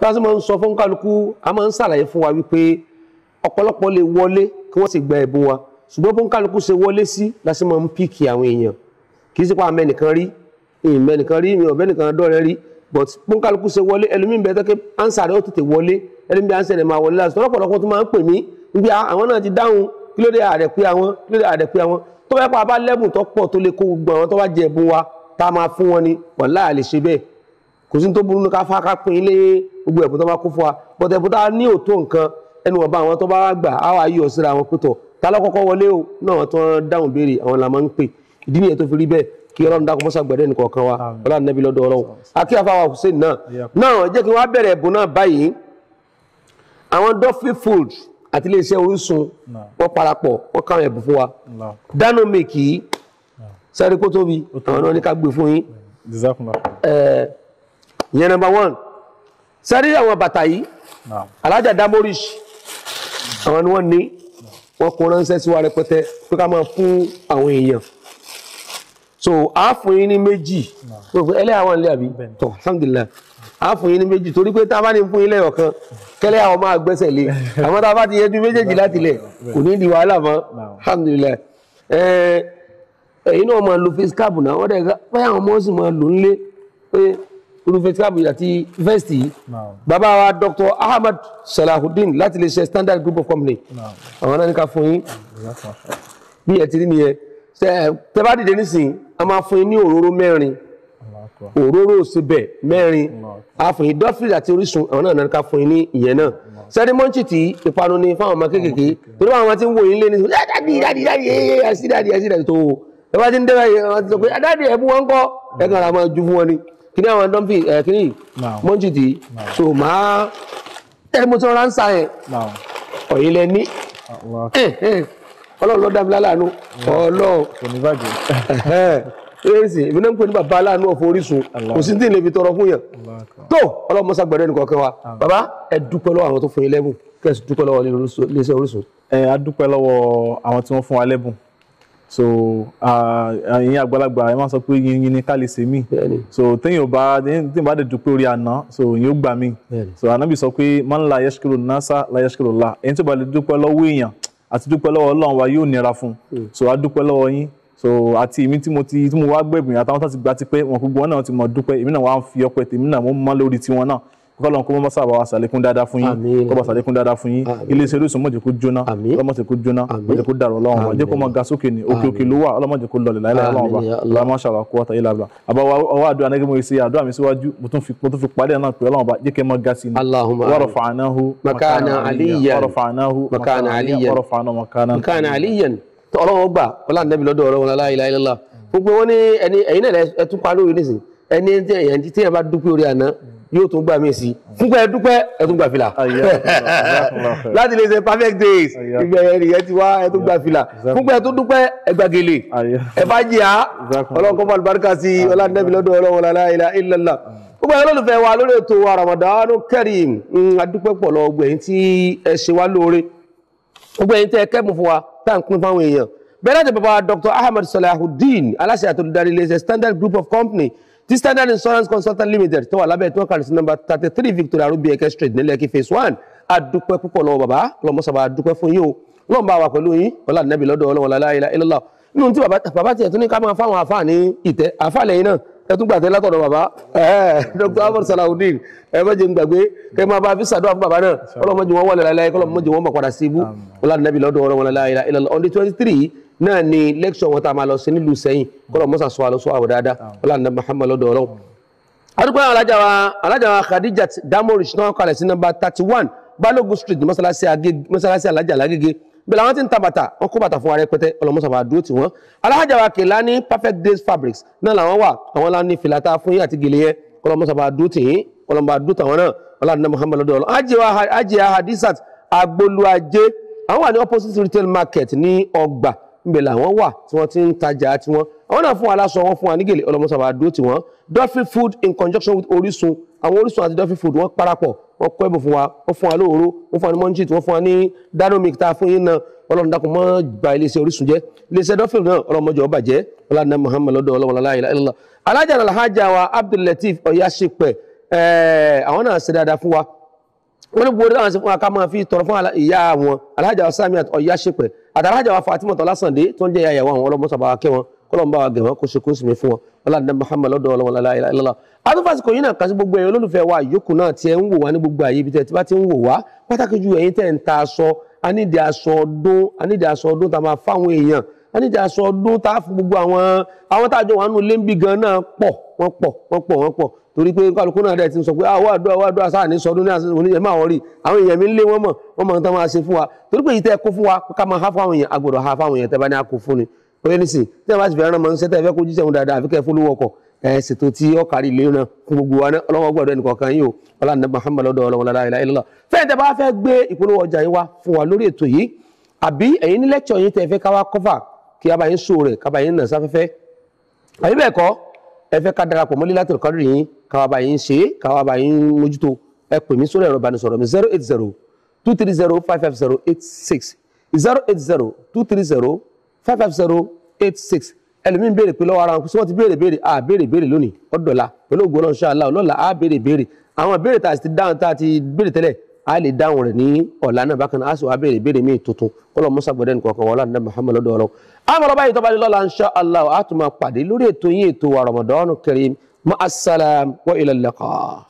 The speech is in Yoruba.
bá a sì máa ń sọ fún kálukú a máa ń ṣàlàyé fún wa wípé ọ̀pọ̀lọpọ̀ lè wọlé kí wọ́n sì gba ẹ̀bùn wa ṣùgbọ́n fún kálukú ṣe wọlé sí láti máa ń píìkì àwọn èèyàn kì í sì pa àmẹ́nìkan rí ìmẹ́nìkan rí ìmọ̀bẹ́nìkan dọ́rẹ́ rí but fún kálukú ṣe wọlé ẹlòmíín bẹ́ẹ̀ tẹ́kẹ́ ansa rẹ̀ ó tètè wọlé ẹlòmíín bẹ́ẹ̀ ansa rẹ̀ máa wọlé láti ọ̀pọ̀lọpọ̀ tó máa ń pè mí níbi àwọn náà ti dáhùn kí ló dé ààrẹ pé àwọn kí ló dé ààrẹ pé kò sí tó burú ní ká fá ilé gbogbo ẹ̀bùn tó bá kó fún wa but ẹ̀bùn tá a ní òtó nǹkan ẹnu wọn àwọn tó bá gbà á wà yíyọ síra àwọn pẹ̀tọ̀ ta wọlé o náà tó ń dáhùn béèrè àwọn làmọ́ ń pè ìdí nìyẹn tó fi rí bẹ́ẹ̀ kí ọlọ́run dákun mọ́sá gbẹ̀rẹ́ nìkan wa ọlọ́run nẹ́bí lọ́dọ̀ ọlọ́run akí afáwa hussein ìyẹn number one sẹ́rí àwọn bàtà yìí alájà damorish àwọn ni wọ́n ní wọ́n kó ránṣẹ́ sí wa rẹpẹtẹ pé ká máa fún àwọn èèyàn so àáfò yín ní méjì ẹlẹ́ àwọn ilé àbí tọ̀ sàmdìlá àáfò yín ní méjì torí pé tá a bá ní fún ilé ọ̀kan kẹ́lẹ́ àwọn máa gbẹ́sẹ̀ lé àwọn tá a bá ti yẹjú méjèèjì láti lẹ̀ kò ní di wàhálà mọ́ alhamdulillah ẹ̀yin náà máa lo face cap náà wọ́n dẹ̀ báyà àwọn ọmọ sì máa lò ń lé pé olùfẹ́ tíkàbù àti vẹ́stì bàbá wa Dr. Ahmed Salahuddin láti lè ṣe Standard Group of Company àwọn náà ní ká fún yín bí ẹ ti rí nìyẹn tẹ bá dìde nísìnyí a máa fún yín ní òróró mẹ́rin òróró òsebẹ̀ mẹ́rin àfihàn dọ́fìlì àti Orísun àwọn náà náà ká fún yín ní ìyẹn náà sẹ́dímọ́ǹtì tí ìpanu ni fáwọn ọmọ kéékèèké torí àwọn tí ń wò yín lé ní dádì dádì dádì ẹyẹ àti dádì àti dádì tó wò ẹ bá ti ń dẹ́rẹ́ ẹ bá ti sọ pé dádì ẹ bú wọn kọ́ ẹ kàn ra máa ju fún wọn ni. Kini àwọn dumping ẹ̀ kíní mọ́jìdì so máa ẹ eh, mo ti rán sa yẹn ọ̀yìn lẹ ní eh, eh. ọlọ́run ló dá mi láàánú ọlọ́run kò ní bàjẹ́ ẹ̀ẹ́sì èmi náà ń pè ní bàbá aláàánú ọ̀fọ̀ orísun kò sí tí ì lè fi tọrọ fún yàn tó ọlọ́run mọ́sá gbẹ̀rẹ́ nìkan kan wa bàbá ẹ dúpẹ́ lọ́wọ́ àwọn tó fún yín lẹ́bùn kẹ́sì dúpẹ́ lọ́wọ́ iléeṣẹ́ orísun. ẹ a dúpẹ́ àwọn tí wọ́n fún wa lẹ́bùn so ẹ̀yin àgbàlagbà ẹ máa sọ pé yìnyín ni ká lè ṣe mí so téèyàn ò bá téèyàn bá dẹ̀ dúpẹ́ orí àná so yìnyín ó gbà mí so ànábì sọ pé man la yashkuru nasa la yashkuru Allah ẹni tí ó bá lè dúpẹ́ lọ́wọ́ èèyàn àti dúpẹ́ lọ́wọ́ Ọlọ́run wa yóò nira fún un hmm. so a dúpẹ́ lọ́wọ́ yín so àti èmi tí mo ti tí mo wá gbẹ̀gbìn àtàwọn tó ti gbà ti pẹ́ wọn gbogbo wọn náà ti mọ̀ dúpẹ́ èmi náà wá ń fi ọpẹ́ tèmi náà mo mọ́ lórí tiwọn náà kọ́lọ́n kó mọ́ sábà wa sàlékún dáadáa fún yín kọ́ba sàlékún dáadáa fún yín iléeṣẹ́ Orísun mọ̀jẹ̀ kó jóná ọlọ́mọ̀jẹ̀ kó jóná mọ̀jẹ̀ kó dàrọ̀ ọlọ́run wa jẹ́ kó máa ga sókè ní òkè òkè ló wà ọlọ́mọ̀jẹ̀ kó lọlẹ̀ láìláì ọlọ́run wa ọlọ́run máa ṣàwà kó wọ́tà ilà bla àbá ọwọ́ àdúrà nígbà mo ṣe àdúrà mi síwájú mo tún fi parí ẹ̀ náà pé ọlọ́run wa jẹ́ kẹ́ máa ga sí ni warafa'nahu makanan aliyyan warafa'nahu makanan aliyyan warafa'nahu makanan aliyyan ọlọ́run gbà ọlọ́run nẹ́bi lọ́dọ̀ ọlọ́run la ilaha illallah gbogbo wọn ní ẹ̀yin yóò tún gbà mí sí fúnpẹ́ ẹdúpẹ́ ẹtún gbà fìlà láti lè ṣe perfect days ìgbẹ́ ẹnìyẹn ti wá ẹtún gbà fìlà fúnpẹ́ ẹtún dúpẹ́ ẹgbàgele ẹ̀fà jìyà ọlọ́run kọ́mọ àlùbáríkà sí ọlọ́dẹ́bí lọ́dọ̀ ọlọ́run la ilaha illallah gbogbo ẹ̀rọ olùfẹ́ wa lórí ètò Ramadan Kareem hmm, adúpẹ́ pọ̀ lọ gbogbo ẹ̀yin tí ẹ ṣe wá lóore gbogbo ẹ̀yin tẹ́ ẹ kẹ́mù fún wa tá à ń pín fáwọn èèyàn bẹ́ẹ̀ láti bàbá Dr. Ahmed Salahuddin aláṣẹ àtòlùdarí iléeṣẹ́ Standard Group of Company ti standard insurance consultant limited tó wà lábẹ́ tí wọ́n kàlù sí nọ́mbà thirty three victoria rubi eke street ní lẹ́kì phase one adúpẹ́ púpọ̀ lọ́wọ́ bàbá lọ́mọ́sàbà adúpẹ́ fún yín o lọ́nba wà pẹ̀lú yín ọlá nàbì lọ́dọ̀ ọlọ́wọ́ lálá ilá ilá nínú tí bàbá tiẹ̀ tún ní ká máa fáwọn àfáà ní ìtẹ́ àfáà lẹ́yìn náà ẹ tún gbàtẹ́ látọ̀dọ̀ bàbá dr ahmed salawudeen ẹ má jẹ́ n gbàgbé kẹ máa bá fisa dọ́ fún bàbá náà ọlọ́mọdé wọn wọlé láyé kọlọ́mọdé wọn mọ̀ padà sí ibú ọlá nàbì lọ́dọ̀ ọlọ́wọ́ lálá ilá ilá twenty three náà ni lẹ́kṣọ̀ wọn tá a máa lọ sí nílùú sẹ́yìn kọ́lọ̀ mọ́sà sọ àlọ́sọ àwọ̀ dáadáa ọlọ́run Muhammad lọ́dọ̀ ọlọ́run. adúgbò alájà wa alájà wa Khadijat Damorish náà sí nọ́mbà thirty one Balogun street mọ́sálásí alájà lágége bẹ̀rẹ̀ àwọn tí ń ta bàtà wọn kó bàtà fún wa rẹpẹtẹ ọlọmọsàbà dúró tì wọn alájà ní perfect days fabrics náà làwọn wà àwọn láwọn ní fìlàtà fún yín àti gèlè yẹn ọlọmọsàbà dúró tì yín ọlọmọba dúró tàwọn náà ọlọ́dúnrún Muhammad lọ́dọ̀ ọlọ́ ajé hadisat agboluajé àwọn wà opposite retail market ní ọgbà ńbẹ̀ làwọn wà tí wọ́n ti ń tajà tiwọn àwọn náà fún wa láṣọ wọn fún wa ní ọlọmọsàbà dúró tiwọn Dolphin Food in conjunction with Orisun àwọn Orísun àti Dolphin Food wọ́n parapọ̀ wọ́n kọ́ ẹ̀bùn fún wa wọ́n fún wa lóòró wọ́n fún wa ní munchit wọ́n fún wa ní danomic tá a fún yín náà ọlọ́run dákun mọ́ gba iléeṣẹ́ Orísun jẹ́ iléeṣẹ́ Dolphin náà ọlọ́mọjọ ọba jẹ́ ọlọ́dúnrún Muhammad lọ́dọ̀ ọlọ́wọ́n wa Abdul Lateef Ọ̀yáṣepẹ̀ àwọn náà ṣe dáadáa fún wọ́n ní gbogbo dáhùn sí fún aká máa fi tọrọ fún ìyá wọn alájà wa sami ọ̀yá ṣèpẹ̀ àtàlájà wa fatima tọ́lá sàndé tó ń jẹ́ ìyá ìyàwó àwọn ọlọ́mọ sàbà kẹ́ wọn kọ́lọ́mù bá wa gẹ̀ wọ́n kó ṣe kó sì mí fún wọn ọlọ́dún muhammed lọ́dọ̀ ọlọ́wọ́n láìláì lọ́la yìí náà kà sí gbogbo ẹ̀yin olólùfẹ́ wa yòókù náà tiẹ̀ ń wò wá ní gbogbo àyè ibi tẹ̀ tí bá ti ń wò wá pàtàkì ju ẹ̀yin tẹ̀ ń ta aṣọ anídìí aṣọ ọdún anídìí aṣọ ọdún tá a máa fáwọn èèyàn anídìí aṣọ ọdún tá a fún gbogbo àwọn àwọn tá a jọ wà nù lẹ́ńbí gan náà pọ̀ wọ́n pọ̀ wọ́n pọ̀ wọ́n pọ̀ torí pé kálukú náà dẹ̀ ti ń sọ pé àwọn ah, àdúrà àwọn àdúrà sáà ní sọdún ní oníyẹn máa wọrí àwọn èèyàn mi ń lé wọn mọ̀ wọn mọ̀ tán máa ṣe fún wa torí pé ìtẹ́ kó fún wa ká máa há fún àwọn èèyàn agbọ̀dọ̀ há fún àwọn èèyàn tẹ́ bá ní akó fún ni oyè nísì tí wọn bá ti fẹ́ ràn mọ́ ń sẹ́tẹ̀ fẹ́ kó jíṣẹ́ wọn dáadáa àfikẹ́ fúnlówó ọkọ̀ ẹ̀ ṣètò tí ọkàrí lè ran fún gbogbo wa ọlọ́wọ́ gbọ́dọ̀ ẹnìkọ̀ọ̀kan yìí o ọlọ́ọ̀nà Muhammad lọ́dọ̀ ẹ fẹ́ ká darapọ̀ mọ́ Laylatul Qadr yín káwa bá yín ṣe káwa bá yín mójútó ẹ pè mí sórí ẹ̀rọ ìbánisọ̀rọ̀ mi zero eight zero two three zero five five zero eight six zero eight zero two three zero five five zero eight six ẹlòmíín béèrè pé lọ́wọ́ ara wọn kò sí wọ́n ti béèrè béèrè à béèrè béèrè lónìí ọ̀dọ̀la pẹ̀lú ògbó náà ṣáà láò lọ́la à béèrè béèrè àwọn béèrè tá a ti dáhùn tá a ti béèrè tẹ́lẹ̀ a lè dáhùn rẹ̀ ní ọ̀la náà bákan náà a sì wá béèrè béèrè míì tuntun kọ́lọ̀ musa gbọ́dẹ̀ nìkan kan wọ́n láǹdà Muhammad lọ́dọ̀ ọlọ́run. àmọ́ lọ́ba yìí tó bá lọ́la insha Allah a pàdé lórí ètò yín ètò wa Ramadan Kareem ma'as salam wa ilal liqa.